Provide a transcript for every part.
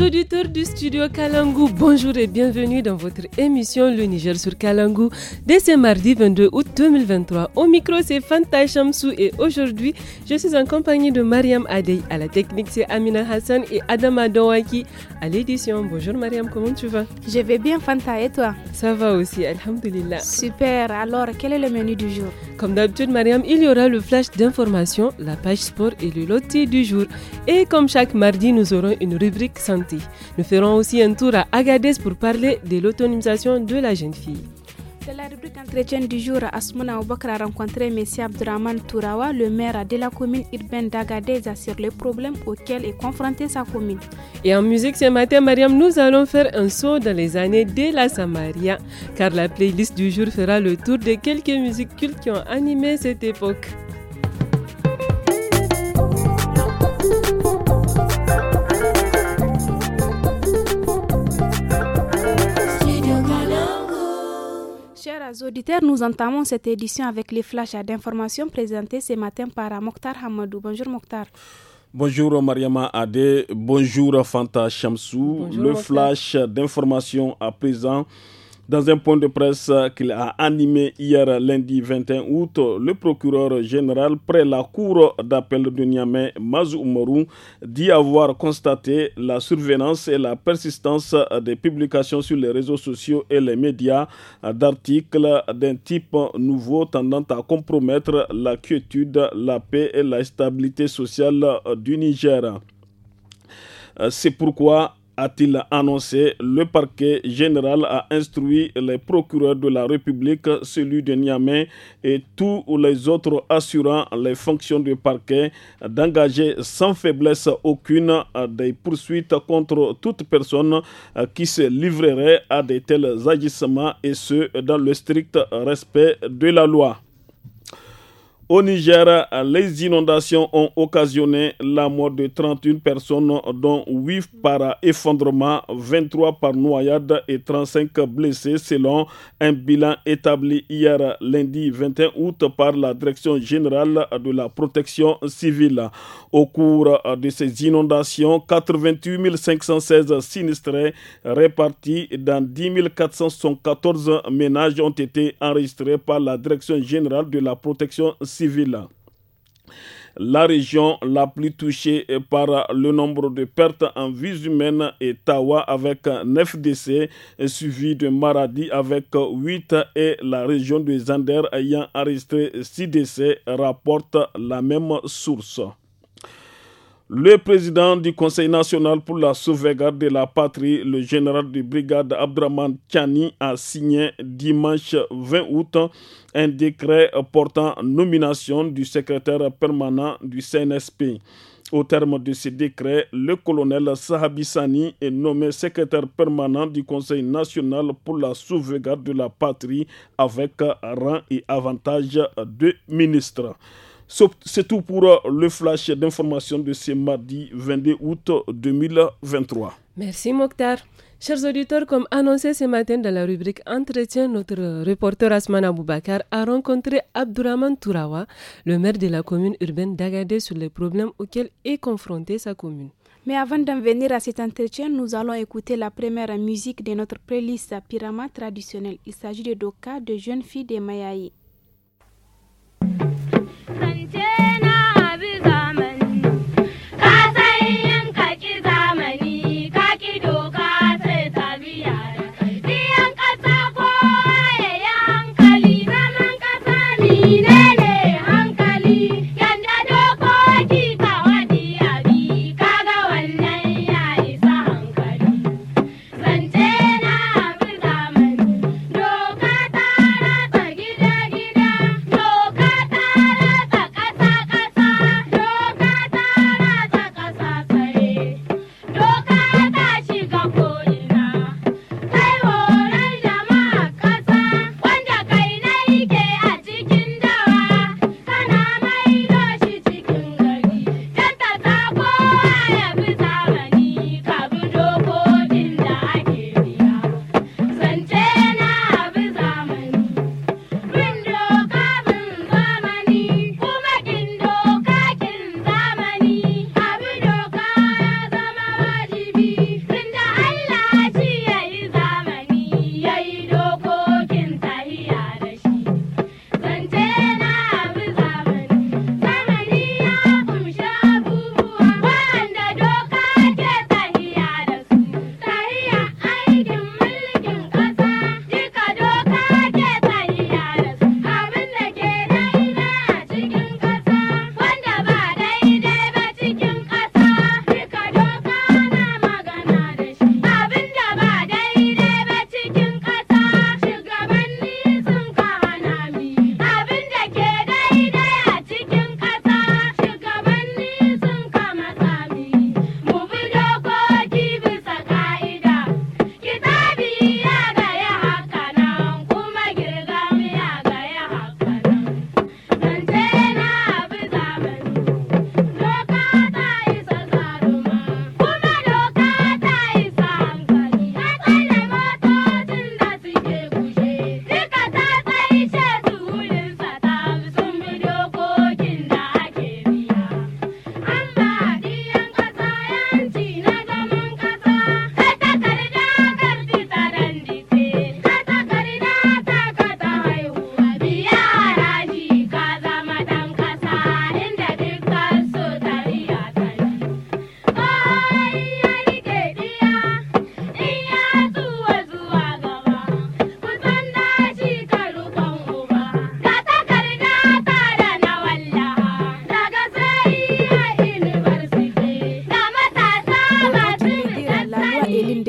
auditeurs du studio Kalangu, bonjour et bienvenue dans votre émission Le Niger sur Kalangu. Dès ce mardi 22 août 2023, au micro c'est Fanta Chamsou et aujourd'hui, je suis en compagnie de Mariam Adey. À la technique, c'est Amina Hassan et Adama Dawaki. À l'édition, bonjour Mariam, comment tu vas Je vais bien Fanta et toi Ça va aussi, Alhamdulillah. Super, alors quel est le menu du jour Comme d'habitude Mariam, il y aura le flash d'information, la page sport et le loti du jour. Et comme chaque mardi, nous aurons une rubrique santé nous ferons aussi un tour à Agadez pour parler de l'autonomisation de la jeune fille. De la rubrique entretien du jour, Asmouna Obakra a rencontré M. Abdurrahman Tourawa, le maire de la commune urbaine d'Agadez, sur les problèmes auxquels est confrontée sa commune. Et en musique ce matin, Mariam, nous allons faire un saut dans les années de la Samaria, car la playlist du jour fera le tour de quelques musiques cultes qui ont animé cette époque. Chers auditeurs, nous entamons cette édition avec les flashs d'information présentés ce matin par Mokhtar Hamadou. Bonjour Mokhtar. Bonjour Mariama Adé, bonjour Fanta Chamsou. le flash d'information à présent dans un point de presse qu'il a animé hier lundi 21 août, le procureur général près la cour d'appel de Niamey, Mazou dit avoir constaté la surveillance et la persistance des publications sur les réseaux sociaux et les médias d'articles d'un type nouveau tendant à compromettre la quiétude, la paix et la stabilité sociale du Niger. Euh, c'est pourquoi a-t-il annoncé, le parquet général a instruit les procureurs de la République, celui de Niamey et tous les autres assurant les fonctions du parquet d'engager sans faiblesse aucune des poursuites contre toute personne qui se livrerait à de tels agissements et ce dans le strict respect de la loi. Au Niger, les inondations ont occasionné la mort de 31 personnes, dont 8 par effondrement, 23 par noyade et 35 blessés, selon un bilan établi hier lundi 21 août par la Direction générale de la protection civile. Au cours de ces inondations, 88 516 sinistrés répartis dans 10 414 ménages ont été enregistrés par la Direction générale de la protection civile la région la plus touchée par le nombre de pertes en vie humaine est Tawa avec 9 décès, suivi de Maradi avec 8 et la région de Zander ayant enregistré 6 décès, rapporte la même source. Le président du Conseil national pour la sauvegarde de la patrie, le général de brigade Abdraman Tchani, a signé dimanche 20 août un décret portant nomination du secrétaire permanent du CNSP. Au terme de ce décret, le colonel Sahabissani est nommé secrétaire permanent du Conseil national pour la sauvegarde de la patrie avec rang et avantage de ministre. C'est tout pour euh, le flash d'information de ce mardi 22 août 2023. Merci Mokhtar. Chers auditeurs, comme annoncé ce matin dans la rubrique Entretien, notre reporter Asman Aboubakar a rencontré Abdourahman Tourawa, le maire de la commune urbaine d'Agadé, sur les problèmes auxquels est confrontée sa commune. Mais avant d'en venir à cet entretien, nous allons écouter la première musique de notre playlist Pyramide traditionnelle. Il s'agit de Doka de jeunes filles des Mayaï. 三姐。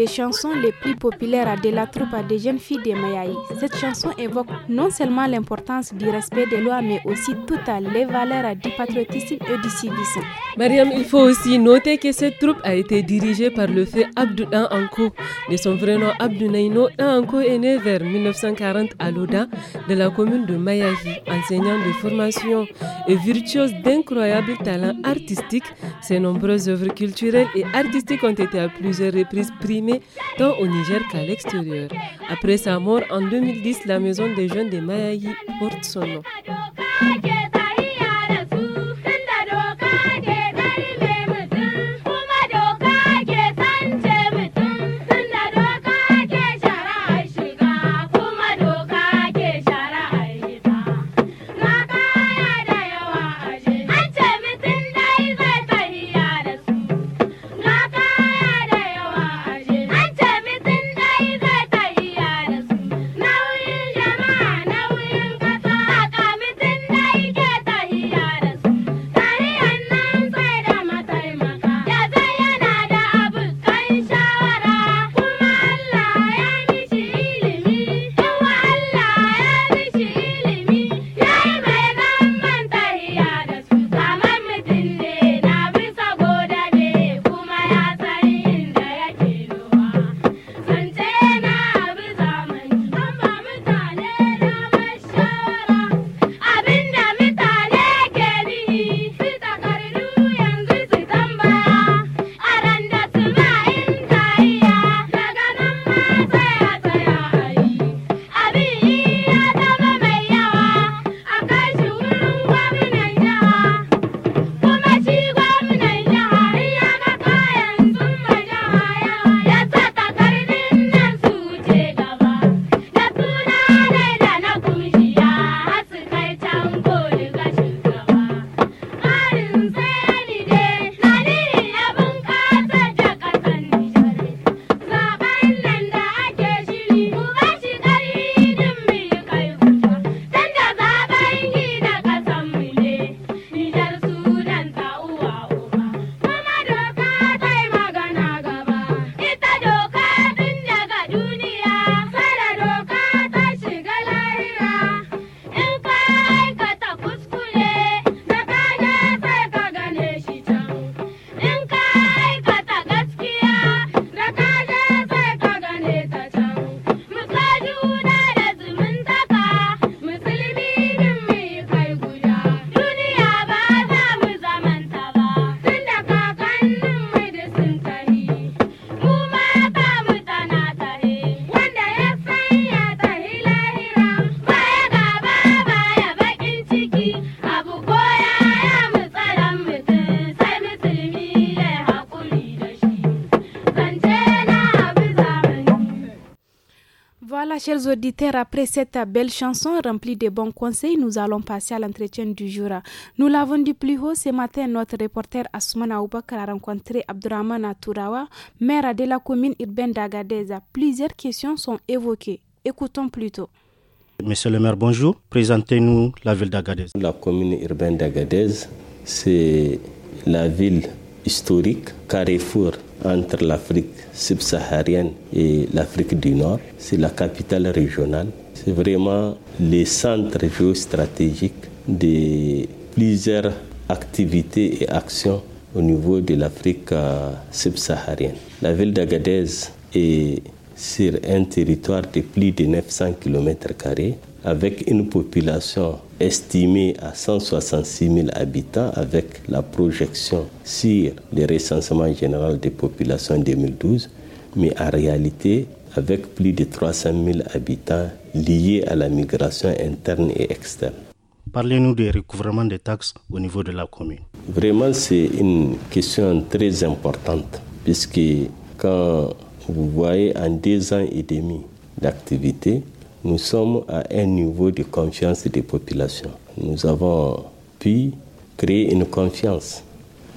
chanson les plus populaires de la troupe des jeunes filles de Mayaï. Cette chanson évoque non seulement l'importance du respect des lois, mais aussi toutes les valeurs du patriotisme et du civisme. Mariam, il faut aussi noter que cette troupe a été dirigée par le fait Abdou Anko. De son vrai nom, Abdou Naino, Anko est né vers 1940 à Loda, de la commune de Mayagi, enseignant de formation et virtuose d'incroyables talents artistiques, ses nombreuses œuvres culturelles et artistiques ont été à plusieurs reprises primées tant au Niger qu'à l'extérieur. Après sa mort en 2010, la maison des jeunes de Mayagi porte son nom. chers auditeurs, après cette belle chanson remplie de bons conseils, nous allons passer à l'entretien du jour. Nous l'avons dit plus haut ce matin, notre reporter Asmana Aoubakar a rencontré Abdurrahman Atourawa, maire de la commune urbaine d'Agadeza. Plusieurs questions sont évoquées. Écoutons plutôt. Monsieur le maire, bonjour. Présentez-nous la ville d'Agadez. La commune urbaine d'Agadez, c'est la ville historique, carrefour entre l'Afrique subsaharienne et l'Afrique du Nord. C'est la capitale régionale. C'est vraiment le centre géostratégique de plusieurs activités et actions au niveau de l'Afrique euh, subsaharienne. La ville d'Agadez est sur un territoire de plus de 900 km avec une population estimé à 166 000 habitants avec la projection sur le recensement général des populations 2012, mais en réalité avec plus de 300 000 habitants liés à la migration interne et externe. Parlez-nous du recouvrement des taxes au niveau de la commune. Vraiment, c'est une question très importante, puisque quand vous voyez en deux ans et demi d'activité, nous sommes à un niveau de confiance des populations. Nous avons pu créer une confiance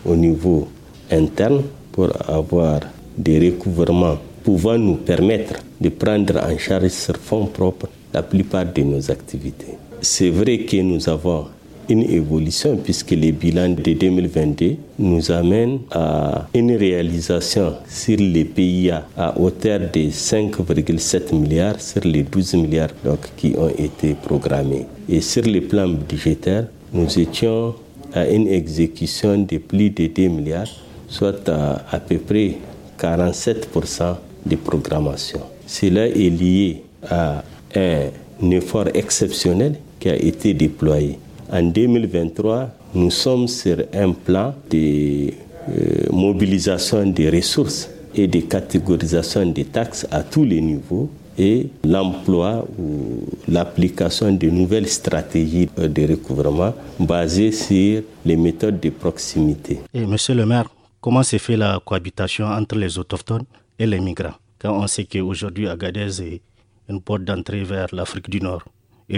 au niveau interne pour avoir des recouvrements pouvant nous permettre de prendre en charge sur fonds propres la plupart de nos activités. C'est vrai que nous avons une évolution puisque les bilans de 2022 nous amène à une réalisation sur les PIA à hauteur de 5,7 milliards sur les 12 milliards donc, qui ont été programmés. Et sur le plan budgétaire, nous étions à une exécution de plus de 2 milliards, soit à, à peu près 47% de programmation. Cela est lié à un effort exceptionnel qui a été déployé en 2023, nous sommes sur un plan de euh, mobilisation des ressources et de catégorisation des taxes à tous les niveaux et l'emploi ou l'application de nouvelles stratégies de recouvrement basées sur les méthodes de proximité. Et monsieur le maire, comment s'est fait la cohabitation entre les autochtones et les migrants quand on sait qu'aujourd'hui Agadez est une porte d'entrée vers l'Afrique du Nord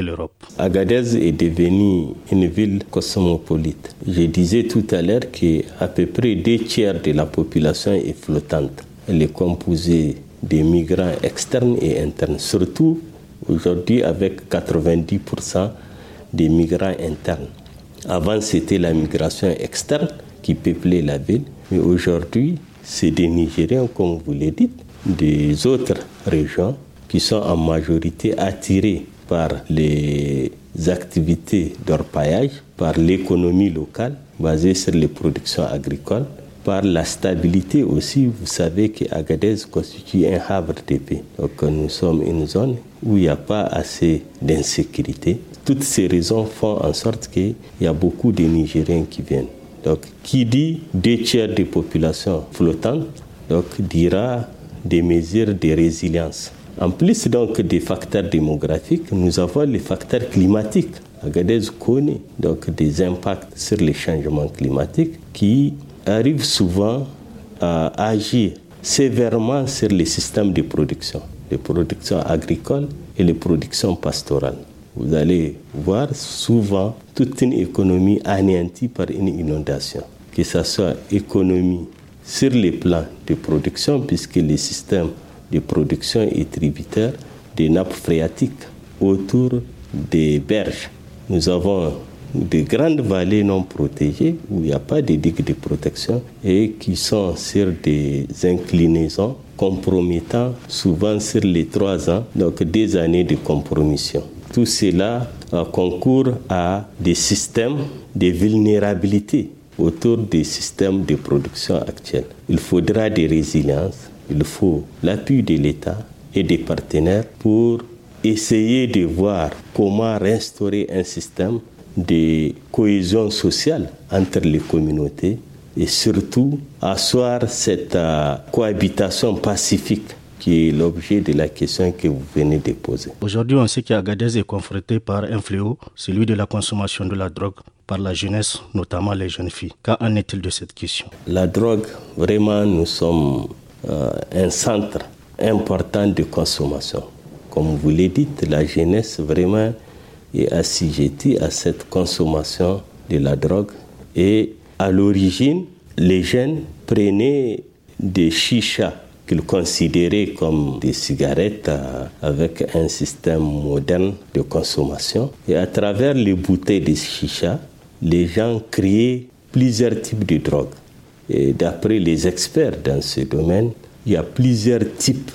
l'Europe. Agadez est devenue une ville cosmopolite. Je disais tout à l'heure que à peu près deux tiers de la population est flottante. Elle est composée des migrants externes et internes, surtout aujourd'hui avec 90% des migrants internes. Avant, c'était la migration externe qui peuplait la ville, mais aujourd'hui, c'est des Nigériens, comme vous le dites, des autres régions qui sont en majorité attirés par les activités d'orpaillage, par l'économie locale basée sur les productions agricoles, par la stabilité aussi. Vous savez qu'Agadez constitue un havre de paix. Donc nous sommes une zone où il n'y a pas assez d'insécurité. Toutes ces raisons font en sorte qu'il y a beaucoup de Nigériens qui viennent. Donc qui dit deux tiers des populations flottantes, donc dira des mesures de résilience. En plus donc des facteurs démographiques, nous avons les facteurs climatiques. Agadez connaît donc des impacts sur les changements climatiques qui arrivent souvent à agir sévèrement sur les systèmes de production, les productions agricoles et les productions pastorales. Vous allez voir souvent toute une économie anéantie par une inondation, que ce soit économie sur les plans de production, puisque les systèmes de production et tributaire des nappes phréatiques autour des berges. Nous avons de grandes vallées non protégées où il n'y a pas de digues de protection et qui sont sur des inclinaisons compromettant souvent sur les trois ans, donc des années de compromission. Tout cela concourt à des systèmes de vulnérabilité autour des systèmes de production actuels. Il faudra des résiliences, il faut l'appui de l'État et des partenaires pour essayer de voir comment restaurer un système de cohésion sociale entre les communautés et surtout asseoir cette euh, cohabitation pacifique qui est l'objet de la question que vous venez de poser. Aujourd'hui, on sait qu'Agadez est confronté par un fléau, celui de la consommation de la drogue par la jeunesse, notamment les jeunes filles. Qu'en est-il de cette question La drogue, vraiment, nous sommes euh, un centre important de consommation. Comme vous l'avez dit, la jeunesse vraiment est assujettie à cette consommation de la drogue. Et à l'origine, les jeunes prenaient des chichas qu'ils considéraient comme des cigarettes euh, avec un système moderne de consommation. Et à travers les bouteilles de chicha, les gens créaient plusieurs types de drogues d'après les experts dans ce domaine, il y a plusieurs types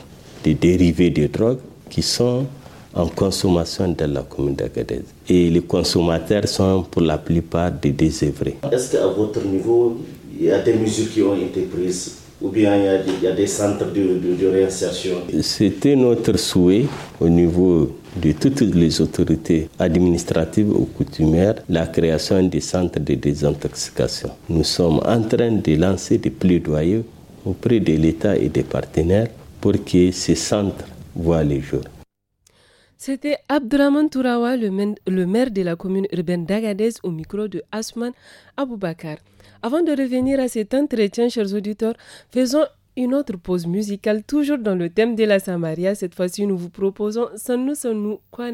de dérivés de drogue qui sont en consommation dans la commune d'Agadez. Et les consommateurs sont pour la plupart des désœuvrés. Est-ce qu'à votre niveau, il y a des mesures qui ont été prises ou bien il y a des, centres de réinsertion C'était notre souhait au niveau de toutes les autorités administratives ou coutumières la création des centres de désintoxication. Nous sommes en train de lancer des plaidoyers auprès de l'État et des partenaires pour que ces centres voient les jours. C'était Abdraman Tourawa, le maire de la commune urbaine d'Agadez, au micro de Asman Aboubakar. Avant de revenir à cet entretien, chers auditeurs, faisons une autre pause musicale, toujours dans le thème de la Samaria. Cette fois-ci, nous vous proposons son nous, son nous, quoi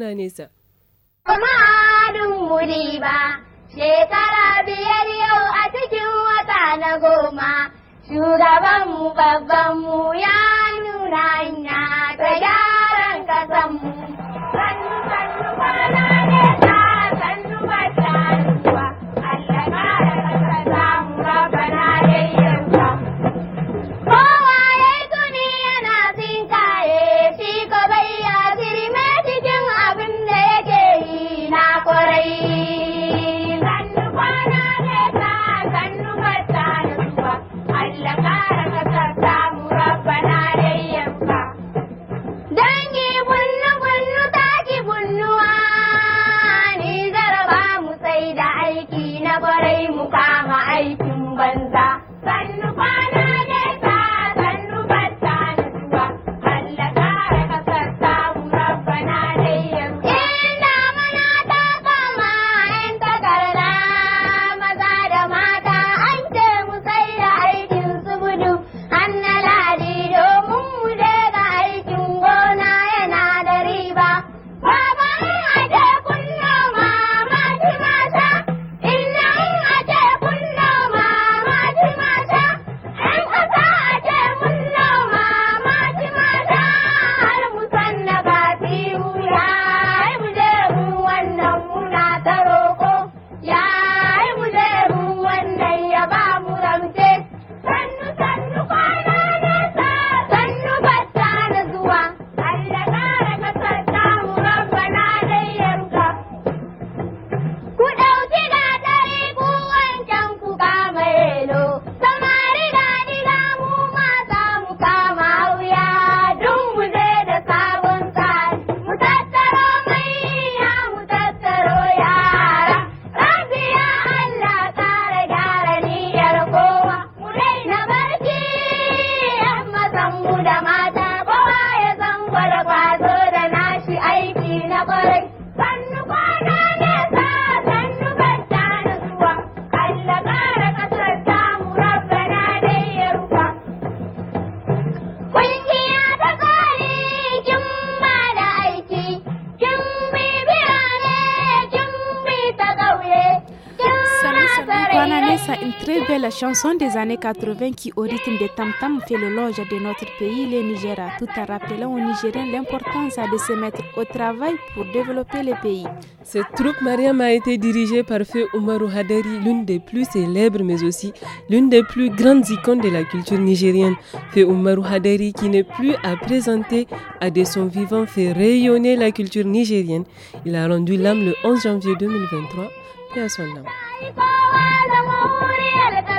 chanson des années 80 qui, au rythme des tam-tam, fait loge de notre pays, le Nigeria, tout en rappelant aux Nigériens l'importance de se mettre au travail pour développer le pays. Cette troupe Mariam a été dirigée par Feu Oumarou Haderi, l'une des plus célèbres mais aussi l'une des plus grandes icônes de la culture nigérienne. Feu Oumarou Haderi, qui n'est plus à présenter, à des son vivant fait rayonner la culture nigérienne. Il a rendu l'âme le 11 janvier 2023 et à son âme.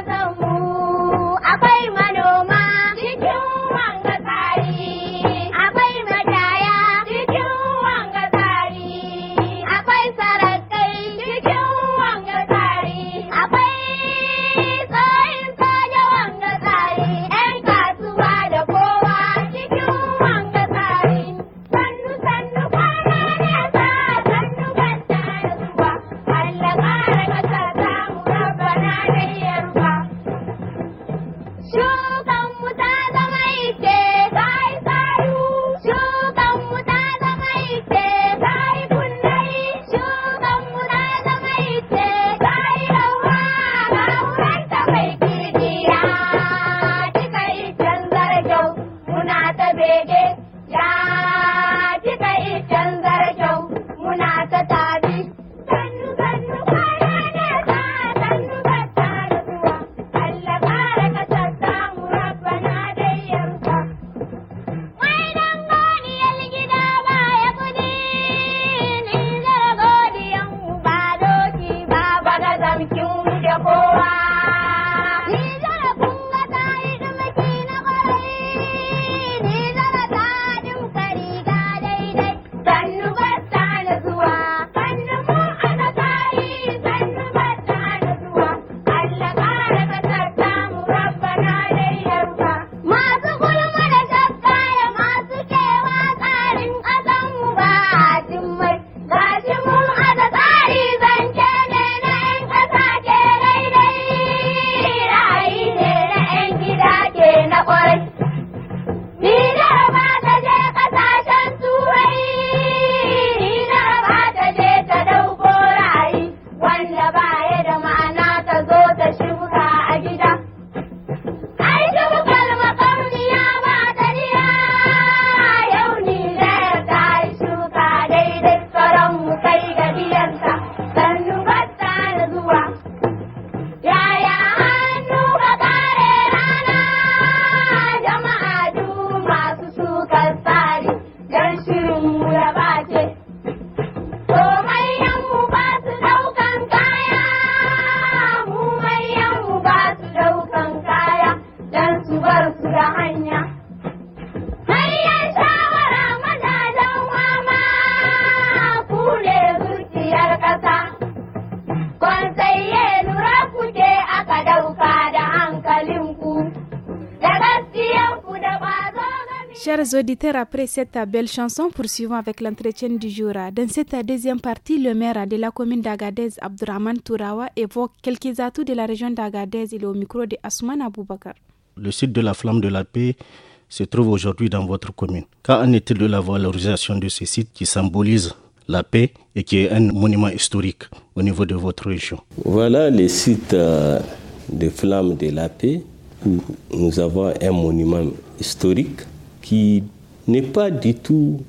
ka mu akwai ಬೇಗೆ ಯಾ Chers auditeurs, après cette belle chanson, poursuivons avec l'entretien du jour. Dans cette deuxième partie, le maire de la commune d'Agadez, Abdurrahman Tourawa, évoque quelques atouts de la région d'Agadez. Il est au micro de Asman Aboubakar. Le site de la Flamme de la Paix se trouve aujourd'hui dans votre commune. Qu'en est-il de la valorisation de ce site qui symbolise la paix et qui est un monument historique au niveau de votre région Voilà le site euh, de Flamme de la Paix. où Nous avons un monument historique qui n'est pas du tout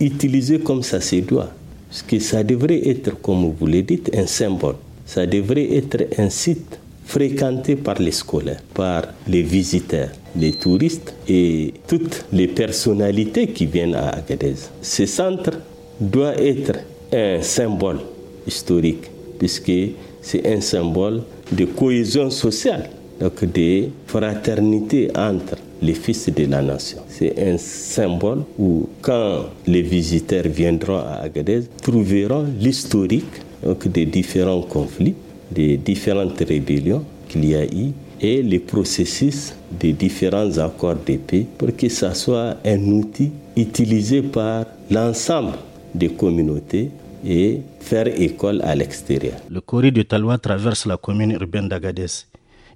utilisé comme ça se doit. Parce que ça devrait être, comme vous le dites, un symbole. Ça devrait être un site fréquenté par les scolaires, par les visiteurs, les touristes et toutes les personnalités qui viennent à Agadez. Ce centre doit être un symbole historique, puisque c'est un symbole de cohésion sociale, donc de fraternité entre les fils de la nation. C'est un symbole où quand les visiteurs viendront à Agadez, trouveront l'historique des différents conflits, des différentes rébellions qu'il y a eu et les processus des différents accords de paix pour que ça soit un outil utilisé par l'ensemble des communautés et faire école à l'extérieur. Le Corée de Talois traverse la commune urbaine d'Agadez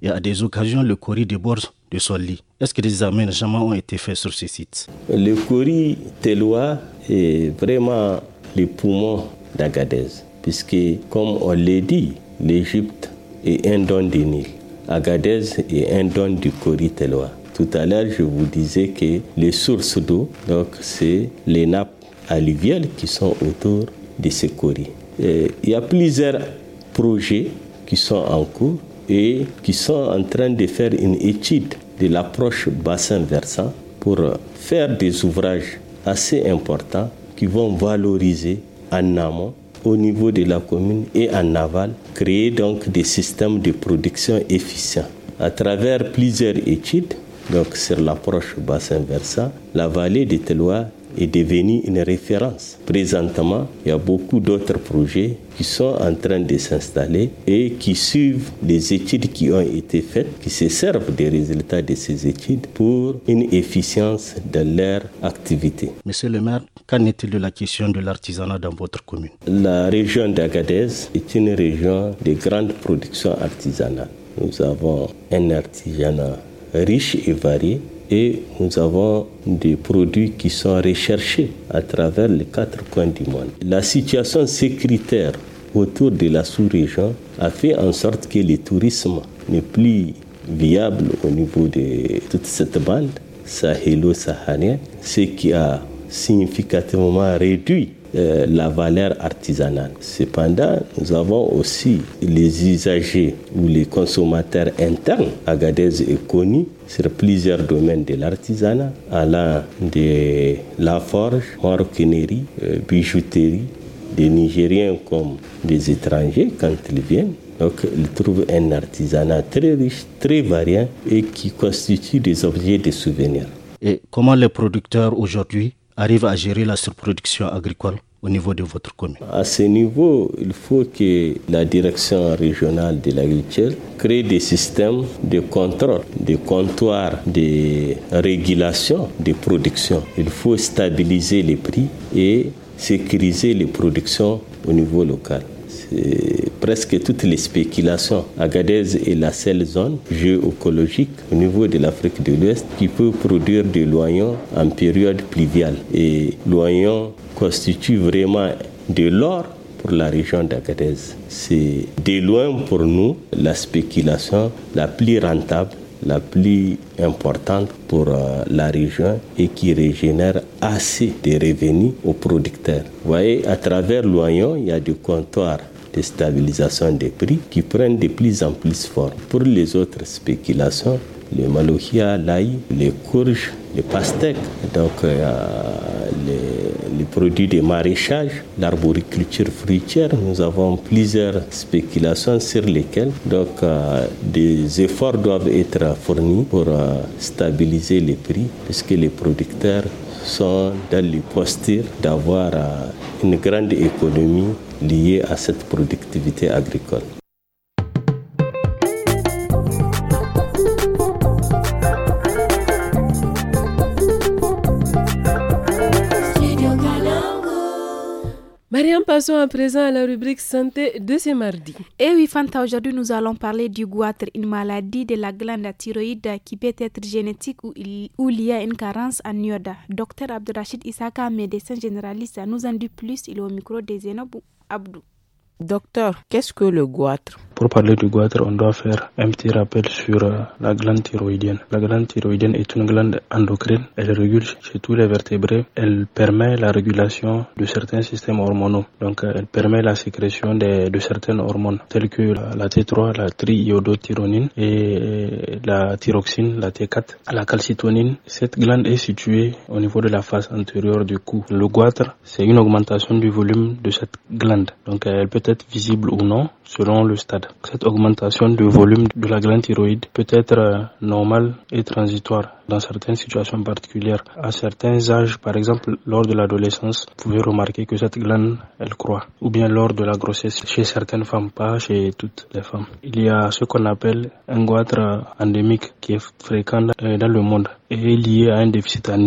et à des occasions le Corée déborde de son lit. Est-ce que des aménagements ont été faits sur ce site Le Cori Télois est vraiment le poumon d'Agadez, puisque, comme on l'a dit, l'Égypte est un don du Nil. Agadez est un don du Cori Télois. Tout à l'heure, je vous disais que les sources d'eau, donc c'est les nappes alluviales qui sont autour de ce Cori. Euh, il y a plusieurs projets qui sont en cours et qui sont en train de faire une étude de l'approche bassin versant pour faire des ouvrages assez importants qui vont valoriser en amont au niveau de la commune et en aval, créer donc des systèmes de production efficients. À travers plusieurs études, donc sur l'approche bassin versant, la vallée de Teloa est devenu une référence. Présentement, il y a beaucoup d'autres projets qui sont en train de s'installer et qui suivent les études qui ont été faites, qui se servent des résultats de ces études pour une efficience de leur activité. Monsieur le maire, qu'en est-il de la question de l'artisanat dans votre commune La région d'Agadez est une région de grande production artisanale. Nous avons un artisanat riche et varié et nous avons des produits qui sont recherchés à travers les quatre coins du monde. La situation sécuritaire autour de la sous-région a fait en sorte que le tourisme n'est plus viable au niveau de toute cette bande sahélo-saharienne, ce qui a significativement réduit euh, la valeur artisanale. Cependant, nous avons aussi les usagers ou les consommateurs internes. Agadez est connu sur plusieurs domaines de l'artisanat, allant de la forge, maroquinerie, euh, bijouterie, des Nigériens comme des étrangers quand ils viennent. Donc, ils trouvent un artisanat très riche, très variant et qui constitue des objets de souvenirs. Et comment les producteurs aujourd'hui arrive à gérer la surproduction agricole au niveau de votre commune À ce niveau, il faut que la direction régionale de l'agriculture crée des systèmes de contrôle, des comptoirs de régulation des productions. Il faut stabiliser les prix et sécuriser les productions au niveau local presque toutes les spéculations. Agadez est la seule zone géo-écologique au niveau de l'Afrique de l'Ouest qui peut produire des loyaux en période pluviale. Et loyaux constitue vraiment de l'or pour la région d'Agadez. C'est de loin pour nous la spéculation la plus rentable la plus importante pour euh, la région et qui régénère assez de revenus aux producteurs. Vous voyez, à travers l'oignon, il y a du comptoir stabilisation des prix qui prennent de plus en plus forme. Pour les autres spéculations, les malochia, l'ail, les courges, les pastèques, donc euh, les, produits des maraîchages, l'arboriculture fruitière. Nous avons plusieurs spéculations sur lesquelles donc, euh, des efforts doivent être fournis pour euh, stabiliser les prix puisque les producteurs sont dans les postures d'avoir euh, une grande économie liée à cette productivité agricole. passons à présent à la rubrique santé de ce mardi. Eh oui, Fanta, aujourd'hui nous allons parler du goitre, une maladie de la glande thyroïde qui peut être génétique ou, liée à une carence en iode. Docteur Abdurachid Isaka, médecin généraliste, nous en dit plus. Il est au micro des Zenob Abdou. Docteur, qu'est-ce que le goitre pour parler du goitre, on doit faire un petit rappel sur euh, la glande thyroïdienne. La glande thyroïdienne est une glande endocrine. Elle régule chez tous les vertébrés. Elle permet la régulation de certains systèmes hormonaux. Donc, euh, elle permet la sécrétion de, certaines hormones telles que la, T3, la triiodothyronine et la thyroxine, la T4, la calcitonine. Cette glande est située au niveau de la face antérieure du cou. Le goitre, c'est une augmentation du volume de cette glande. Donc, euh, elle peut être visible ou non selon le stade. Cette augmentation du volume de la glande thyroïde peut être euh, normale et transitoire dans certaines situations particulières. À certains âges, par exemple lors de l'adolescence, vous pouvez remarquer que cette glande, elle croît. Ou bien lors de la grossesse, chez certaines femmes, pas chez toutes les femmes. Il y a ce qu'on appelle un goitre euh, endémique qui est fréquent euh, dans le monde et est lié à un déficit en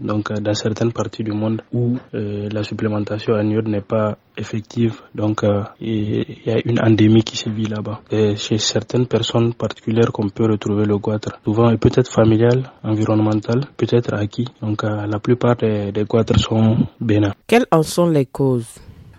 donc euh, dans certaines parties du monde où euh, la supplémentation annuelle n'est pas effective, donc euh, il y a une endémie qui se vit là-bas. Chez certaines personnes particulières qu'on peut retrouver le goitre, souvent est peut-être familial, environnemental, peut-être acquis. Donc la plupart des, des goitres sont bénins. Quelles en sont les causes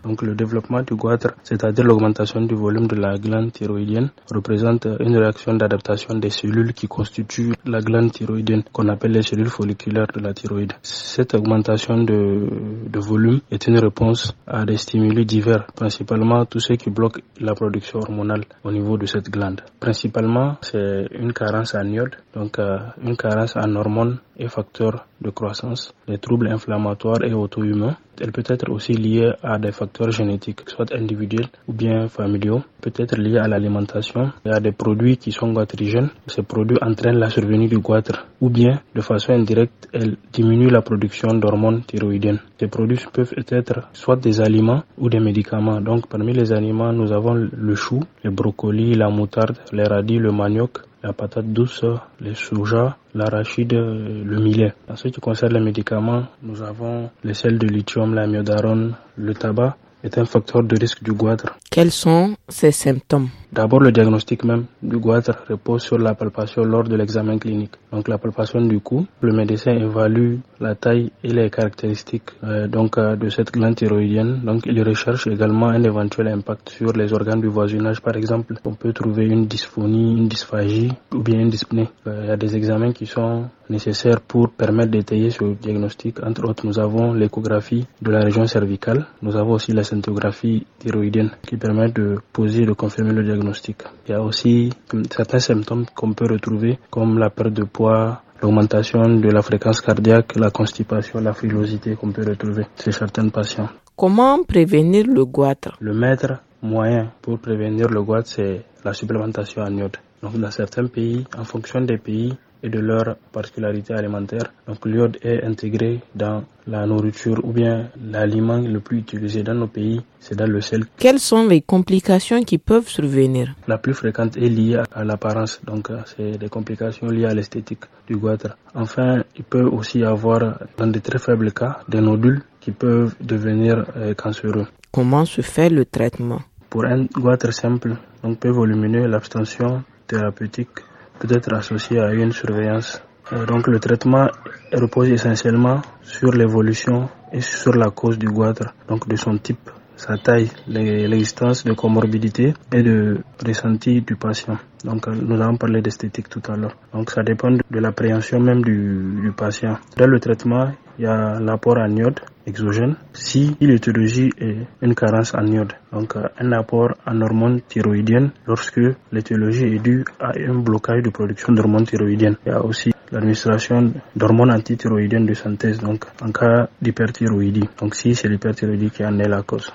donc le développement du goitre, c'est-à-dire l'augmentation du volume de la glande thyroïdienne, représente une réaction d'adaptation des cellules qui constituent la glande thyroïdienne, qu'on appelle les cellules folliculaires de la thyroïde. Cette augmentation de, volume est une réponse à des stimuli divers, principalement tous ceux qui bloquent la production hormonale au niveau de cette glande. Principalement, c'est une carence en iode, donc euh, une carence en hormones et facteurs de croissance les troubles inflammatoires et auto-humains. Elle peut être aussi liée à des facteurs génétiques, soit individuels ou bien familiaux, peut être liée à l'alimentation et à des produits qui sont guatrigènes. Ces produits entraînent la survenue du goitre ou bien, de façon indirecte, elle diminue la production d'hormones thyroïdiennes. Ces produits peuvent être soit des aliments ou des médicaments. Donc, parmi les aliments, nous avons le chou, le brocoli, la moutarde, les radis, le manioc, la patate douce, les soja, l'arachide, le millet. En ce qui concerne les médicaments, nous avons les sels de lithium, la le tabac est un facteur de risque du goitre. Quels sont ces symptômes D'abord, le diagnostic même du goitre repose sur la palpation lors de l'examen clinique. Donc, la palpation du cou, le médecin évalue la taille et les caractéristiques euh, donc euh, de cette glande thyroïdienne. Donc, il recherche également un éventuel impact sur les organes du voisinage. Par exemple, on peut trouver une dysphonie, une dysphagie ou bien une dyspnée. Euh, il y a des examens qui sont nécessaires pour permettre d'étayer ce diagnostic. Entre autres, nous avons l'échographie de la région cervicale. Nous avons aussi la scintigraphie thyroïdienne qui permet de poser et de confirmer le diagnostic il y a aussi certains symptômes qu'on peut retrouver comme la perte de poids, l'augmentation de la fréquence cardiaque, la constipation, la frilosité qu'on peut retrouver chez certains patients. Comment prévenir le goitre Le maître moyen pour prévenir le goitre, c'est la supplémentation en iode. Donc dans certains pays, en fonction des pays, et de leurs particularités alimentaires. Donc l'iode est intégré dans la nourriture ou bien l'aliment le plus utilisé dans nos pays, c'est dans le sel. Quelles sont les complications qui peuvent survenir La plus fréquente est liée à l'apparence, donc c'est des complications liées à l'esthétique du goitre. Enfin, il peut aussi y avoir, dans de très faibles cas, des nodules qui peuvent devenir euh, cancéreux. Comment se fait le traitement Pour un goitre simple, donc peu volumineux, l'abstention thérapeutique peut être associé à une surveillance. Euh, donc le traitement repose essentiellement sur l'évolution et sur la cause du goitre, donc de son type, sa taille, l'existence de comorbidité et de ressenti du patient. Donc euh, nous avons parlé d'esthétique tout à l'heure. Donc ça dépend de l'appréhension même du, patient. Dans le traitement, il y a l'apport en iode exogène si l'éthiologie est une carence en donc euh, un apport en hormones thyroïdiennes lorsque l'éthiologie est due à un blocage de production d'hormones thyroïdiennes. Il y a aussi l'administration d'hormones antithyroïdiennes de synthèse, donc en cas d'hyperthyroïdie, donc si c'est l'hyperthyroïdie qui en est la cause.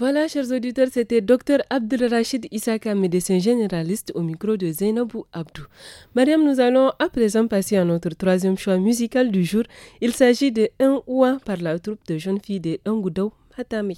Voilà, chers auditeurs, c'était Dr Abdel Rachid Issaka, médecin généraliste au micro de Zainabou Abdou. Mariam, nous allons à présent passer à notre troisième choix musical du jour. Il s'agit de Un Oua par la troupe de jeunes filles de Ngoudou Hatami.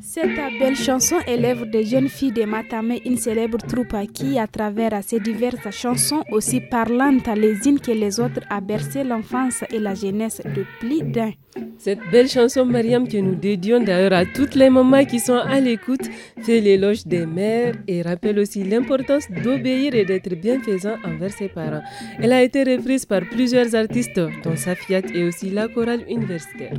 Cette belle chanson est l'œuvre des jeunes filles de Matamé, une célèbre troupe qui, à travers ses diverses chansons aussi parlantes les unes que les autres, a bercé l'enfance et la jeunesse de plus d'un. Cette belle chanson, Mariam, que nous dédions d'ailleurs à toutes les mamans qui sont à l'écoute, fait l'éloge des mères et rappelle aussi l'importance d'obéir et d'être bienfaisant envers ses parents. Elle a été reprise par plusieurs artistes, dont Safiat et aussi la chorale universitaire.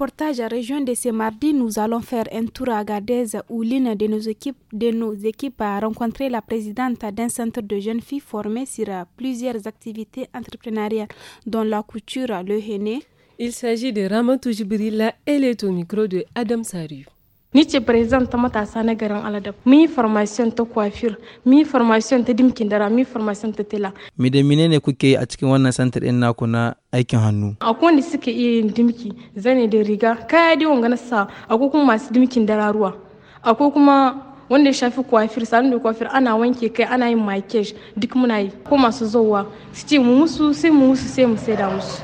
reportage à région de ce mardi, nous allons faire un tour à Gadez où l'une de nos équipes, de nos équipes a rencontré la présidente d'un centre de jeunes filles formées sur plusieurs activités entrepreneuriales, dont la couture, le henné. Il s'agit de Ramatou Jibrila, elle est au micro de Adam Saru. Ni ce ta matasa na garin Aladab. Mun yi formation ta coiffure, mun yi formation ta dimkin dara, mun yi formation ta tela. Me da ne kuke a cikin wannan santar ɗin naku na aikin hannu? Akwai wanda suke iya yin dimki, zane da riga, kaya dai wanga na sa, akwai kuma masu dimkin ruwa Akwai kuma wanda ya shafi kwafir sanu da kwafir ana wanke kai ana yin makesh duk muna yi ko masu zowa su ce mu musu sai mu musu sai mu saida musu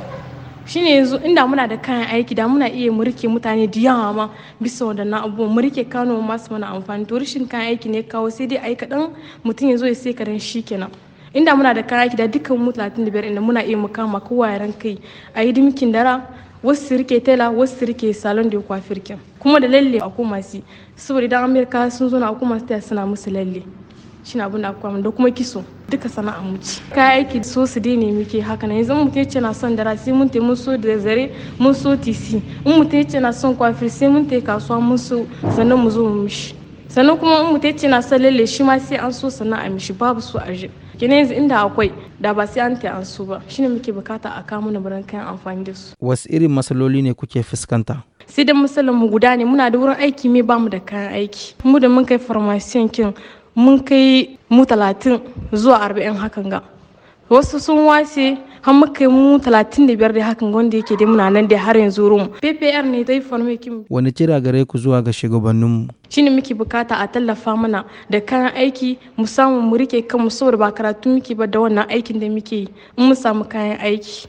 shine yanzu inda muna da kayan aiki da muna iya murke mutane da yawa ma bisa waɗannan abubuwan murke kano masu mana amfani to rashin kayan aiki ne kawo sai dai ayi kaɗan mutum ya zo ya sai kaɗan shi kenan inda muna da kayan aiki da dukkan mu 35 inda muna iya kama kowa yaran kai a yi dimkin dara wasu su rike tela wasu su rike salon da kwafirkin kuma da lalle a koma su saboda idan amurka sun zo na a masu su suna musu lalle shine abin da aka da kuma kiso duka sana'a mu ci aiki so su dai ne muke haka nan yanzu mutum yace na son dara sai mun mun so da zare mun so tisi in mutum yace na son kwafir sai mun tai kasuwa mun so sannan mu zo mu mishi sannan kuma in mutum yace na son lalle shi ma sai an so sana'a mishi babu so a je yanzu inda akwai da ba sai an tai an so ba shine muke bukata a kawo mana baran kayan amfani da su wasu irin masaloli ne kuke fuskanta sai da matsalar mu guda ne muna da wurin aiki mai bamu da kayan aiki mu da mun kai farmasiyan kin mun kai mu talatin zuwa arba'in hakan ga wasu sun wace har muka yi mu talatin da biyar da hakan wanda yake dai muna nan da har yanzu rum ppr ne ta yi farme kim wani kira gare ku zuwa ga shugabannin mu shine muke bukata a tallafa mana da kayan aiki mu samu mu rike kanmu saboda ba karatu muke ba da wannan aikin da muke yi in mu samu kayan aiki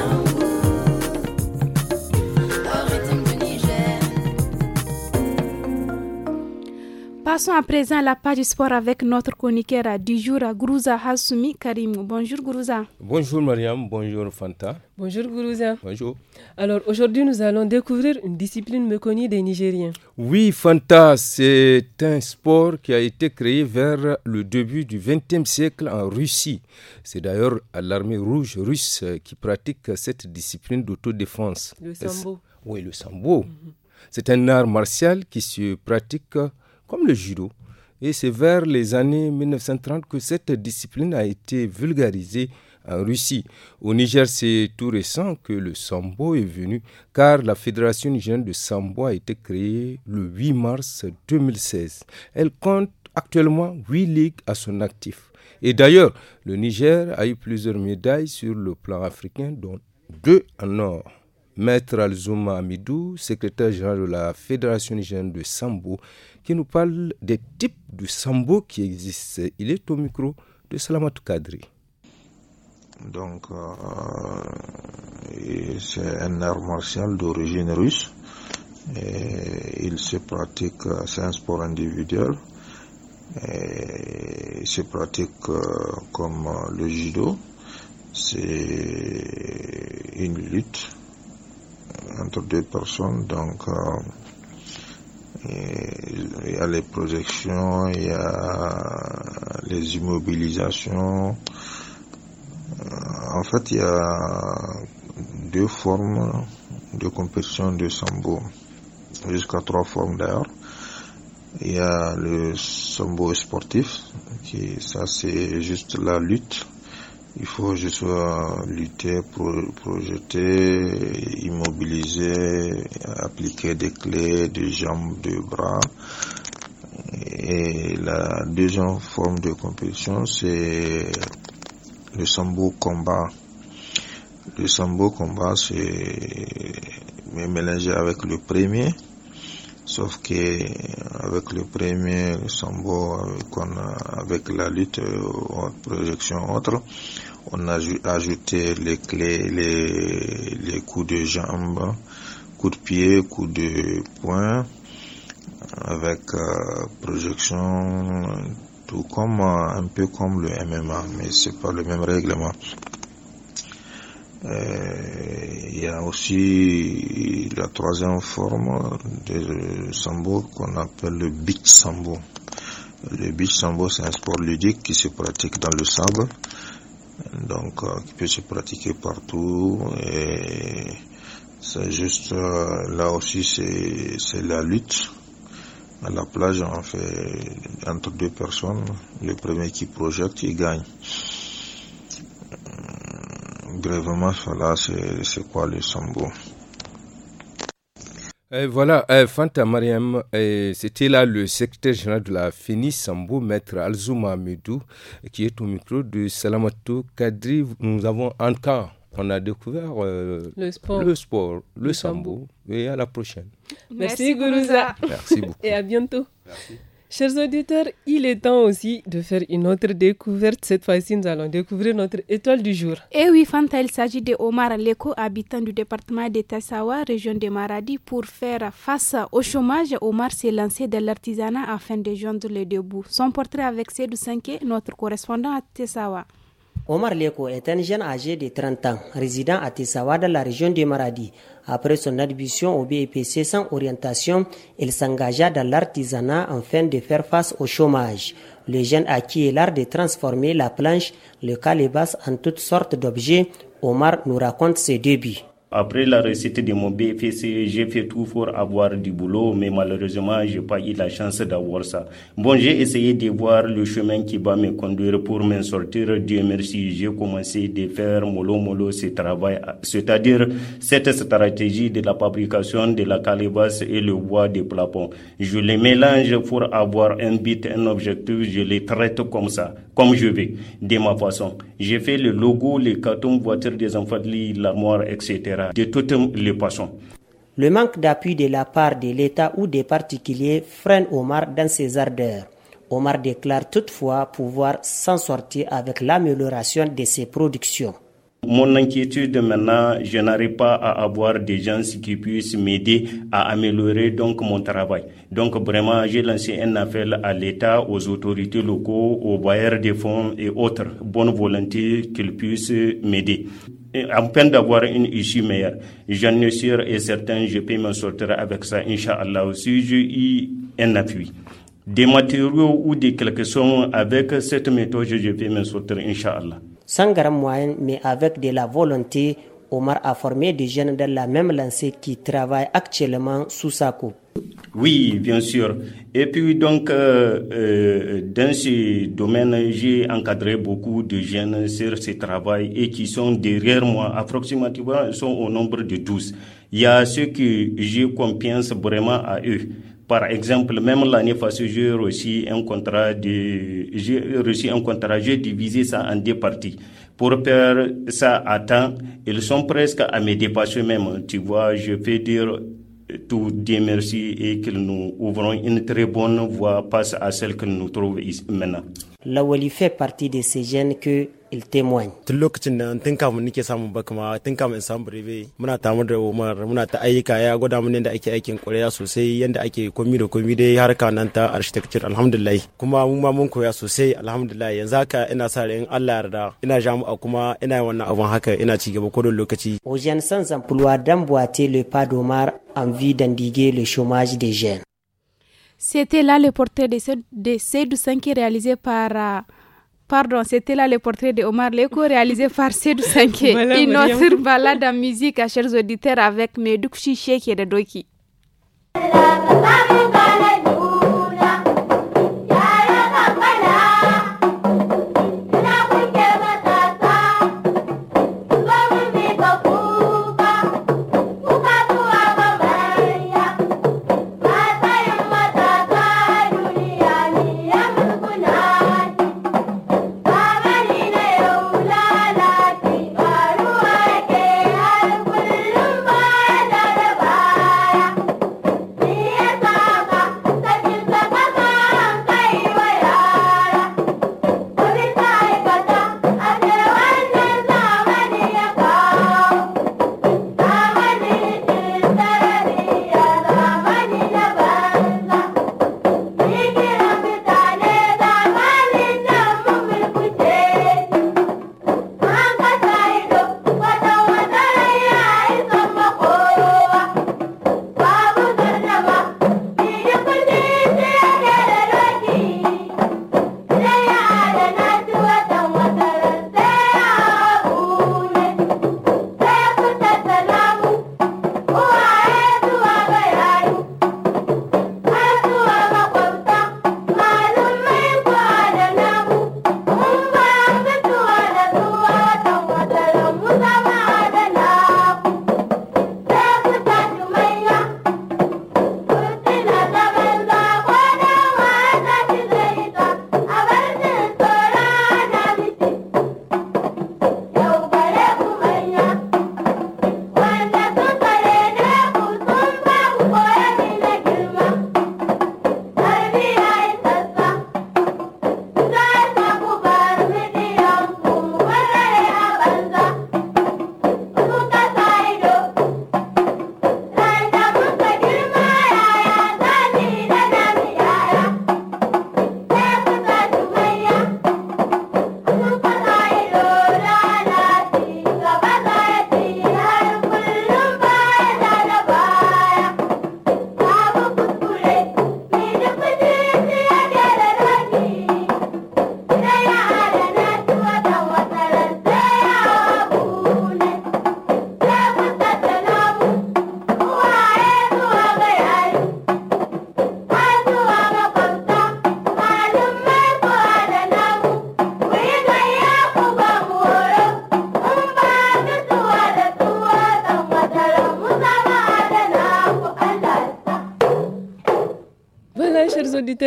Passons à présent à la page du sport avec notre chroniqueur du jour, Gourouza Hassoumi Karim. Bonjour Gourouza. Bonjour Mariam, bonjour Fanta. Bonjour Gourouza. Bonjour. Alors aujourd'hui nous allons découvrir une discipline méconnue des Nigériens. Oui Fanta, c'est un sport qui a été créé vers le début du XXe siècle en Russie. C'est d'ailleurs l'armée rouge russe qui pratique cette discipline d'autodéfense. Le sambo. Oui, le sambo. C'est un art martial qui se pratique comme le judo. Et c'est vers les années 1930 que cette discipline a été vulgarisée en Russie. Au Niger, c'est tout récent que le sambo est venu, car la Fédération nigérienne de sambo a été créée le 8 mars 2016. Elle compte actuellement 8 ligues à son actif. Et d'ailleurs, le Niger a eu plusieurs médailles sur le plan africain, dont deux en or. Maître Alzouma Amidou, secrétaire général de la Fédération nigérienne de Sambo, qui nous parle des types de Sambo qui existent. Il est au micro de Salamat Kadri. Donc, euh, c'est un art martial d'origine russe. il se pratique, euh, c'est un sport individuel. il se pratique euh, comme le judo. C'est une lutte entre deux personnes. Donc, euh, il y a les projections, il y a les immobilisations. Euh, en fait, il y a deux formes de compétition de sambo, jusqu'à trois formes d'ailleurs. Il y a le sambo sportif, qui ça c'est juste la lutte il faut que je sois lutter pour projeter, immobiliser, appliquer des clés, des jambes, des bras. Et la deuxième forme de compétition, c'est le sambo combat. Le sambo combat, c'est mélanger avec le premier. Sauf que avec le premier le Sambo, avec, la lutte, euh, projection autre, on a ajouté les clés, les, coups de jambe, coups de pied, coups de poing, avec euh, projection, tout comme euh, un peu comme le MMA, mais c'est pas le même règlement. Euh, il y a aussi la troisième forme de sambo qu'on appelle le beach sambo. Le beach sambo, c'est un sport ludique qui se pratique dans le sable, donc euh, qui peut se pratiquer partout. Et c'est juste euh, là aussi, c'est la lutte. À la plage, on fait entre deux personnes. Le premier qui projette, il gagne vraiment voilà c'est quoi le sambo. Et eh, voilà, et eh, Fanta Mariam, eh, c'était là le secrétaire général de la FENI Sambo, maître Alzouma Medou, qui est au micro de Salamato Kadri. Nous avons encore, on a découvert euh, le sport, le, sport, sambo. Et à la prochaine. Merci, Merci Gourouza. Merci beaucoup. Et à bientôt. Chers auditeurs, il est temps aussi de faire une autre découverte. Cette fois-ci, nous allons découvrir notre étoile du jour. Eh oui, Fanta, il s'agit de Omar Leko, habitant du département de Tessawa, région de Maradi. Pour faire face au chômage, Omar s'est lancé dans l'artisanat afin de joindre les deux bouts. Son portrait avec Cédou Sanké, notre correspondant à Tessawa. Omar Leko est un jeune âgé de 30 ans, résident à Tissawa dans la région de Maradi. Après son admission au BEPC sans orientation, il s'engagea dans l'artisanat afin de faire face au chômage. Le jeune acquis l'art de transformer la planche, le calebasse en toutes sortes d'objets. Omar nous raconte ses débuts. Après la recette de mon BFC, j'ai fait tout pour avoir du boulot, mais malheureusement, j'ai pas eu la chance d'avoir ça. Bon, j'ai essayé de voir le chemin qui va me conduire pour m'en sortir. Dieu merci, j'ai commencé de faire mollo mollo ce travail, c'est-à-dire cette stratégie de la fabrication de la calebasse et le bois de plapon. Je les mélange pour avoir un but, un objectif, je les traite comme ça, comme je veux, de ma façon. J'ai fait le logo, les cartons voitures des enfants, l'armoire, etc. Le manque d'appui de la part de l'État ou des particuliers freine Omar dans ses ardeurs. Omar déclare toutefois pouvoir s'en sortir avec l'amélioration de ses productions. Mon inquiétude maintenant, je n'arrive pas à avoir des gens qui puissent m'aider à améliorer donc mon travail. Donc vraiment, j'ai lancé un appel à l'État, aux autorités locaux, aux bailleurs des fonds et autres, bonne volonté qu'ils puissent m'aider. En peine d'avoir une issue meilleure, j'en suis sûr et certain, je peux me sortir avec ça, Inch'Allah, aussi, j'ai eu un appui des matériaux ou des quelque avec cette méthode, je vais me sortir, Inch'Allah sans grand moyen, mais avec de la volonté, Omar a formé des jeunes de la même lancée qui travaillent actuellement sous sa coupe. Oui, bien sûr. Et puis donc, euh, euh, dans ce domaine, j'ai encadré beaucoup de jeunes sur ce travail et qui sont derrière moi. Approximativement, ils sont au nombre de 12. Il y a ceux que j'ai confiance vraiment à eux par exemple, même l'année passée, j'ai reçu un contrat de, j'ai un contrat, j'ai divisé ça en deux parties. Pour faire ça à temps, ils sont presque à me dépasser même. Tu vois, je peux dire tout de merci et que nous ouvrons une très bonne voie face à celle que nous trouvons ici maintenant. Lawali fait partie de ces jeunes que il témoigne. d'emboîter le pas d'Omar en vue le chômage des jeunes. C'était là le portrait de, Cédou Seydou réalisé par... Euh, pardon, c'était là le portrait de Omar Leko réalisé par Seydou Sanki. voilà, Une autre balade en musique à chers auditeurs avec Medouk Chiché qui est de Doki.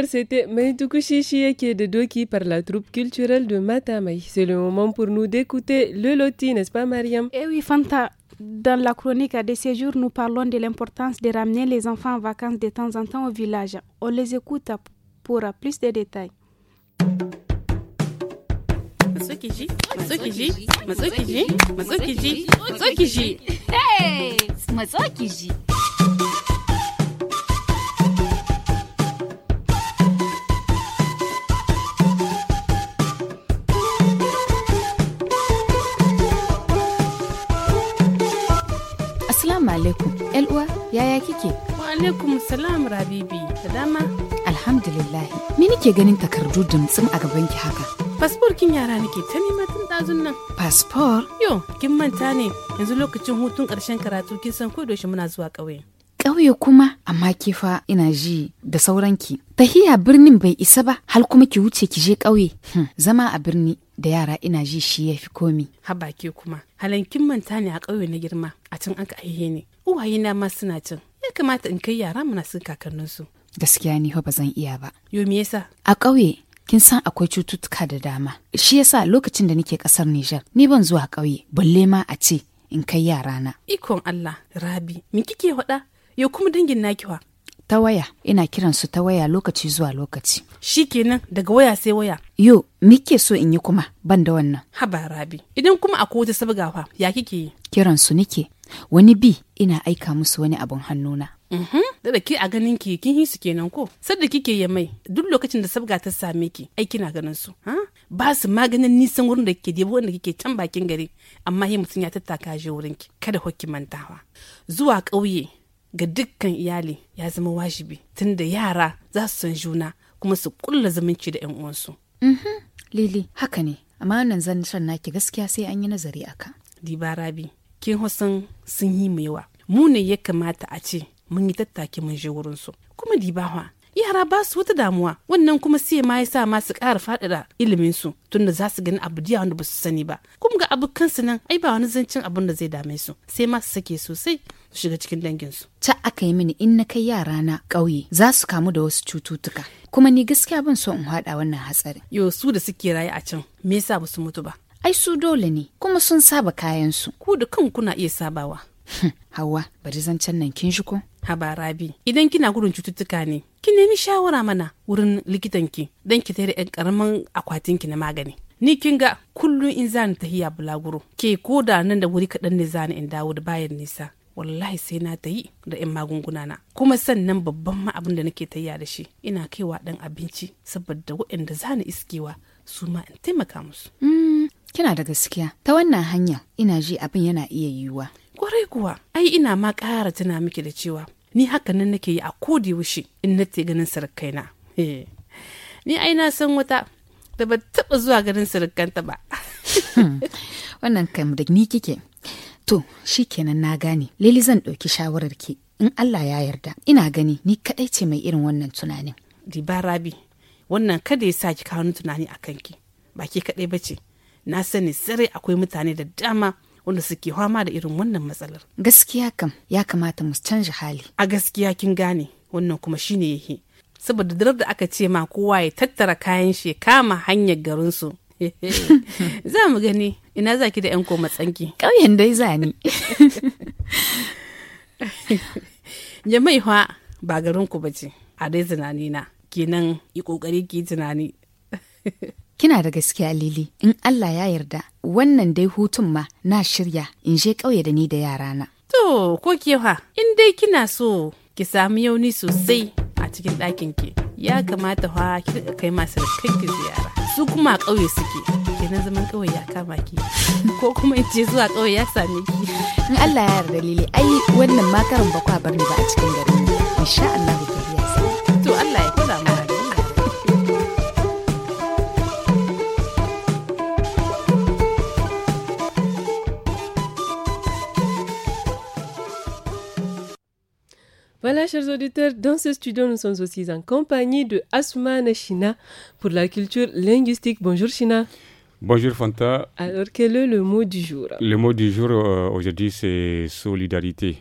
c'était Maïtoukou Shishi qui est de Doki par la troupe culturelle de Matamai. C'est le moment pour nous d'écouter le loti, n'est-ce pas, Mariam Eh oui, Fanta. Dans la chronique à des séjours, nous parlons de l'importance de ramener les enfants en vacances de temps en temps au village. On les écoute pour plus de détails. Hey! kike? Wa alaikum salam Rabibi, da dama? Alhamdulillah. Me nake ganin takardu dumtsin a gaban ki haka? Fasfor kin yara nake ta nema tun dazun nan. Fasfor? Yo, kin manta ne. Yanzu lokacin hutun ƙarshen karatu kin san ko muna zuwa ƙauye. ƙauye kuma amma ke fa ina ji da sauranki tahiya birnin bai isa ba hal kuma ki wuce ki je ƙauye hmm, zama a birni da yara ina ji shi ya fi komi haba ke kuma kin manta ne a ƙauye na girma a can an ka ne uwaye na ma suna cin ya kamata in kai yara muna sun kakanninsu. Gaskiya ni ba zan iya ba. Yo me yasa? A ƙauye kin san akwai cututtuka da dama. Shi yasa lokacin da nake ƙasar Nijar ni ban zuwa ƙauye balle ma a ce in kai yara na. Ikon Allah, Rabi, me kike faɗa? Yau kuma dangin kiwa? Ta waya, ina kiran su ta waya lokaci zuwa lokaci. Shi kenan daga waya sai waya. Yo, me ke so in yi kuma ban da wannan? Haba Rabi, idan kuma akwai wata sabgawa, ya kike yi? Kiran su nike, wani bi ina aika musu wani abin hannuna. Mhm. da ke a ganin ki kin hisu kenan ko sadda kike ya mai duk lokacin da sabga ta same ki ai kina ganin su ba su maganin nisan wurin da kike debo wanda kike can bakin gari amma yi mutum ya tattaka shi wurin ki kada hokki mantawa zuwa ƙauye ga dukkan iyali ya zama wajibi tunda yara za su san juna kuma su kulla zumunci da 'yan uwansu. Mhm. Lili haka ne amma wannan zan naki gaskiya sai an yi nazari aka. Dibarabi kin hosan sun yi mu yawa mu ne ya kamata a ce mun yi tattaki mun je wurin su kuma dibawa yara ba su wata damuwa wannan kuma sai ma ya sa ma su ƙara faɗaɗa ilimin su tunda za su gani abu diya wanda ba su sani ba kuma ga abokan su nan ai ba wani zancen abun da zai dame su sai ma su sake sosai su shiga cikin dangin su ta aka yi mini in na kai yara na ƙauye za su kamu da wasu cututtuka kuma ni gaskiya ban so in haɗa wannan hatsari yo su da suke raye a can me yasa ba su mutu ba ai su dole ne kuma sun saba kayansu. Ku da kan kuna iya sabawa. Hawa, bari zancen nan kin shiko? Haba Rabi, idan kina gudun cututtuka ne, ki nemi shawara mana wurin likitanki don ki tare yan akwatin ki na magani. Ni kin ga kullum in zani tahiya bulaguro, ke ko da nan da wuri kaɗan ne zani in dawo da bayan nisa. wallahi sai na ta yi da 'yan magunguna na kuma sannan babban ma abin da nake tayya da shi ina kaiwa ɗan abinci saboda waɗanda za ni iskewa su ma in taimaka musu. Mm, Kina da gaskiya, ta wannan hanya ina ji abin yana iya yiwuwa. Kwarai kuwa, ai ina ma ƙara tuna miki da cewa ni hakanan nake yi a da yaushe in na te ganin sarakaina. Eh. Ni ai na san wata da ba taɓa zuwa ganin sarakanta ba. Hmm. Wannan kam da ni kike. To, shi kenan na gane, Lili zan ɗauki shawarar ki in Allah ya yarda. Ina gani ni kaɗai ce mai irin wannan tunanin. dibarabi wannan kada ya sa ki kawo tunani a kanki, ba ke kaɗai ba ce. na sani sirri akwai mutane da dama wanda suke fama da irin wannan matsalar. Gaskiya kam ya kamata mu canja hali. A gaskiya kin gane wannan kuma shine yake. Saboda dare da aka ce ma kowa ya tattara kayan shi kama hanyar garinsu. za mu gani ina za ki da yan koma tsanki. Ƙauyen dai za ni. mai fa ba garinku ba ce a dai tunani na kenan yi ƙoƙari ki tunani. Kina da gaskiya Lili, in Allah ya yarda, wannan dai hutun ma na shirya in je ƙauye da ni da yarana. To, ko kewa, in dai kina so ki sami yauni sosai a cikin ɗakin ki, ya kamata fa ki kai masu ki ziyara. Su kuma a ƙauye suke, kenan zaman ƙauye ya kama ki, ko kuma in ce zuwa ƙauye ya same ki. In Allah ya yarda Lili, ai wannan makarin ba kwa bar ni ba a cikin gari. Insha Allah To Allah ya kula mu. Voilà, chers auditeurs, dans ce studio, nous sommes aussi en compagnie de Asmane China pour la culture linguistique. Bonjour China. Bonjour Fanta. Alors, quel est le mot du jour Le mot du jour euh, aujourd'hui, c'est solidarité.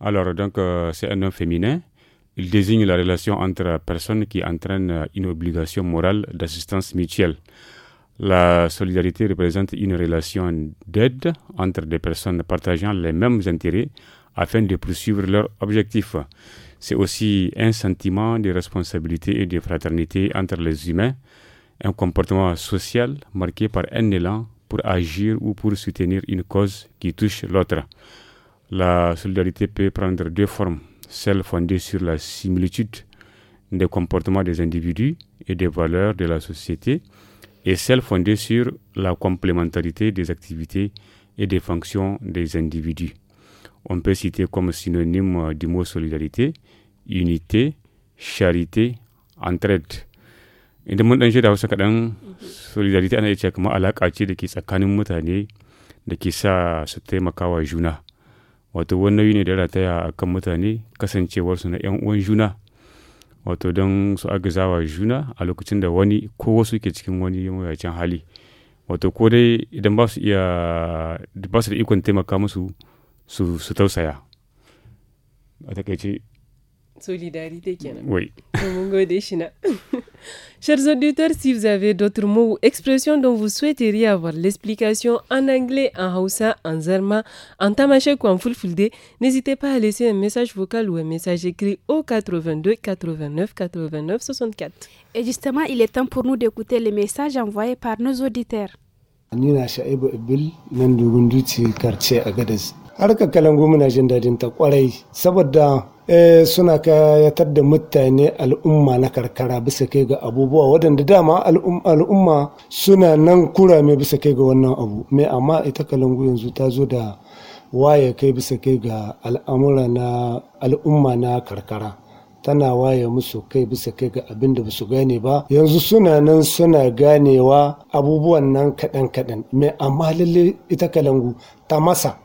Alors, donc, euh, c'est un nom féminin. Il désigne la relation entre personnes qui entraînent euh, une obligation morale d'assistance mutuelle. La solidarité représente une relation d'aide entre des personnes partageant les mêmes intérêts afin de poursuivre leur objectif. C'est aussi un sentiment de responsabilité et de fraternité entre les humains, un comportement social marqué par un élan pour agir ou pour soutenir une cause qui touche l'autre. La solidarité peut prendre deux formes, celle fondée sur la similitude des comportements des individus et des valeurs de la société, et celle fondée sur la complémentarité des activités et des fonctions des individus. On peut citer comme synonyme du mot solidarité, unité, charité, entraide. Idan mun ɗan shaida Hausa kaɗan, solidarite ana iya cewa alaka alaƙa ce da ke tsakanin mutane da ke sa su taimakawa juna. Wato wannan nauyi ne da rataya a kan mutane kasancewarsu na 'yan uwan juna. Wato don su wa juna a lokacin da wani ko wasu ke cikin wani mawuyacin hali. Wato ko dai idan ba su iya ba su da ikon taimaka musu su, su tausaya a solidarité Oui. Chers auditeurs, si vous avez d'autres mots ou expressions dont vous souhaiteriez avoir l'explication en anglais, en hausa, en zarma, en tamashek ou en fulfulde, n'hésitez pas à laisser un message vocal ou un message écrit au 82 89 89 64. Et justement, il est temps pour nous d'écouter les messages envoyés par nos auditeurs. harka kalangu muna jin dadin ta kwarai saboda eh, suna kayatar da mutane al'umma na karkara bisa kai ga abubuwa waɗanda dama al'umma suna nan kura mai bisa kai ga wannan abu mai amma ita kalangu yanzu ta zo da waye kai bisa kai ga al'amura na al'umma na karkara tana waye musu kai bisa kai ga abin da basu gane ba yanzu suna nan suna ganewa abubuwan nan kaɗan kaɗan mai amma lalle ita kalangu ta masa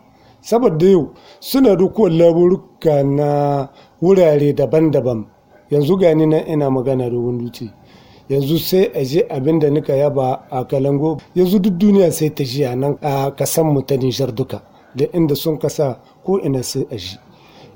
saboda yau suna rukuwar laburuka na wurare daban-daban yanzu gani nan ina magana da wunduce yanzu sai a je abin da nika yaba a kalango yanzu duk duniya sai ta ji a nan a kasan mu ta nijar duka da inda sun kasa ko ina sai a ji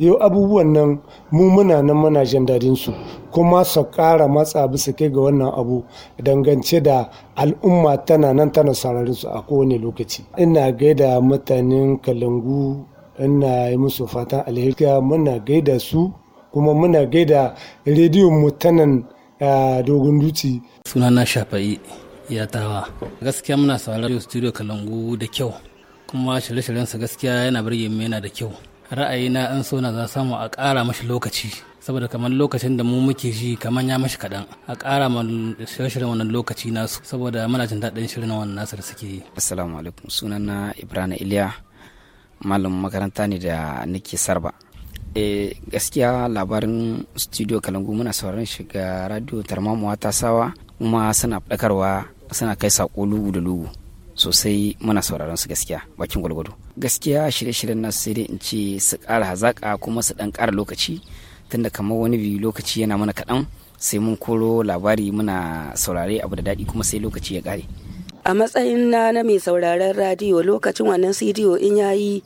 yau abubuwan nan mu muna nan mana jin dadin su kuma su ƙara matsa bisa kai ga wannan abu dangance da al'umma tana nan tana sararin su a kowane lokaci ina gaida mutanen kalangu ina yi musu fatan alheri muna gaida su kuma muna gaida rediyon mu dogon duci sunana shafa'i ya tawa gaskiya muna sauraron studio kalangu da kyau kuma shirye shiryen sa gaskiya yana birge mu yana da kyau ra'ayina an so na za samu a ƙara mashi lokaci saboda kamar lokacin da mu muke ji kamar ya mashi kaɗan a ƙara ma shirin wannan lokaci nasu saboda muna jin daɗin shirin wannan nasu da suke yi. Assalamu alaikum sunana Ibrahim Iliya malamin makaranta ne da nake sarba. E, gaskiya labarin studio Kalangu muna sauraron shiga radio Tarmamuwa ta sawa kuma suna ɗakarwa suna kai saƙo lugu da lugu. sosai muna sauraron su gaskiya bakin gwalgwado gaskiya shirye-shiryen na sai dai in ce su ƙara hazaƙa kuma su ɗan ƙara lokaci tunda kamar wani biyu lokaci yana mana kaɗan sai mun koro labari muna saurare abu da daɗi kuma sai lokaci ya ƙare a matsayin na na mai sauraren radiyo lokacin wannan sidiyo in yayi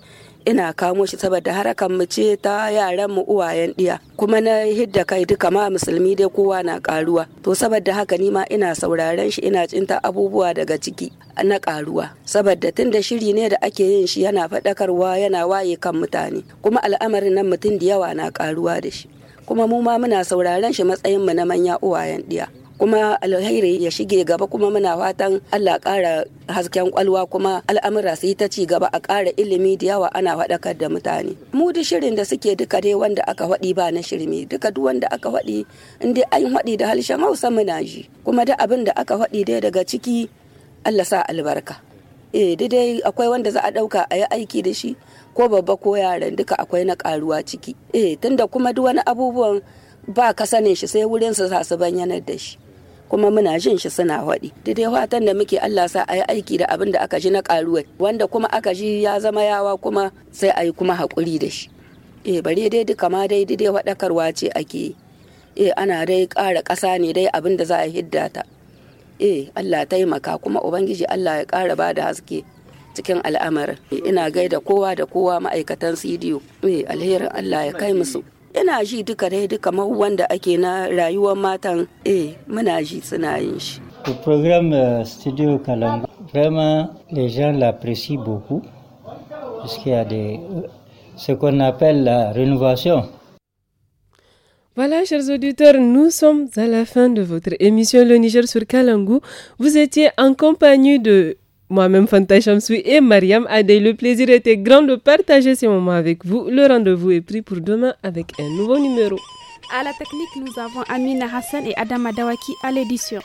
ina kamo shi saboda harakan mu ce ta yaran mu uwayen ɗiya, kuma na hidda kai duka ma musulmi dai kowa na karuwa to saboda haka ni ma ina sauraren shi ina cinta abubuwa daga ciki na karuwa saboda tun da shiri ne da ake yin shi yana faɗakarwa yana waye kan mutane kuma al'amarin nan mutum da yawa na karuwa da shi kuma mu ma muna sauraren shi matsayin mu na manya uwayen ɗiya. kuma alheri ya shige gaba kuma muna fatan Allah ƙara hasken kwalwa kuma al'amura su yi ta ci gaba a ƙara ilimi da yawa ana faɗakar da mutane mu da shirin da suke duka dai wanda aka faɗi ba na shirme duka duk wanda aka faɗi in dai an faɗi da harshen Hausa muna ji kuma da abin da aka faɗi dai daga ciki Allah sa albarka eh dai akwai wanda za a ɗauka a yi aiki da shi ko babba ko yaran duka akwai na karuwa ciki eh tunda kuma duk wani abubuwan ba ka sanin shi sai wurin su sa su banyanar da shi kuma muna jin shi suna da dai fatan da muke Allah sa a yi aiki da abin da aka ji na karuwa wanda kuma aka ji ya zama yawa kuma sai ayi kuma haƙuri da shi eh bare dai duka ma dai dai waɗakarwa ce ake eh ana dai ƙara ƙasa ne dai abin da za a hidda ta eh Allah taimaka kuma ubangiji Allah ya ƙara ba da haske cikin al'amarin ina gaida kowa da kowa ma'aikatan cdo eh alherin Allah ya kai musu Le programme euh, Studio Kalangu, vraiment, les gens l'apprécient beaucoup, qu'il y a des, euh, ce qu'on appelle la rénovation. Voilà, chers auditeurs, nous sommes à la fin de votre émission Le Niger sur Kalangu. Vous étiez en compagnie de moi-même, Fanta Chamsui et Mariam Adey, le plaisir était grand de partager ces moments avec vous. Le rendez-vous est pris pour demain avec un nouveau numéro. À la technique, nous avons Amina Hassan et Adama Dawaki à l'édition.